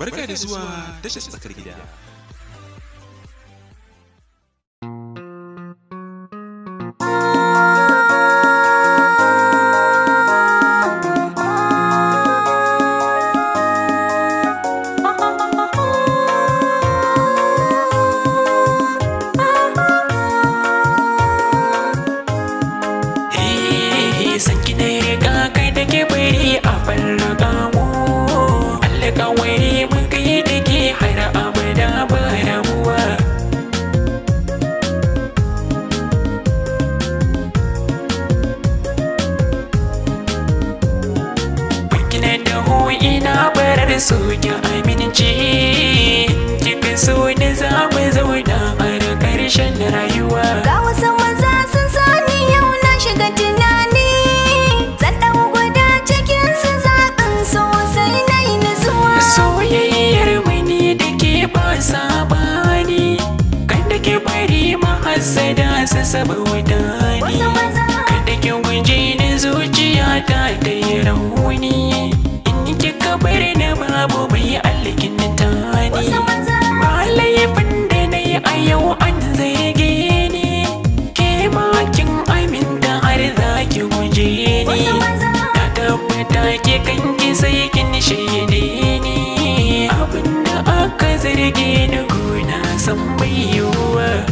Barka da zuwa tashar tsakar gida. Sanki ne ga kai da ke bari a farga mu kawai mun kai da ke har abada ba rabuwa Bukina da ina barar soke aminci da su saba ni Kada ki guje ni zuciya ta ta yi rauni In ki kabari na babu bai ta ni. Ba laifin da na yi a yau an zage ni Ke makin aminta har za ki guje ni Ta tabbata ke ki sai kin shaide ni Abinda aka zargi ni gona san bai yiwuwa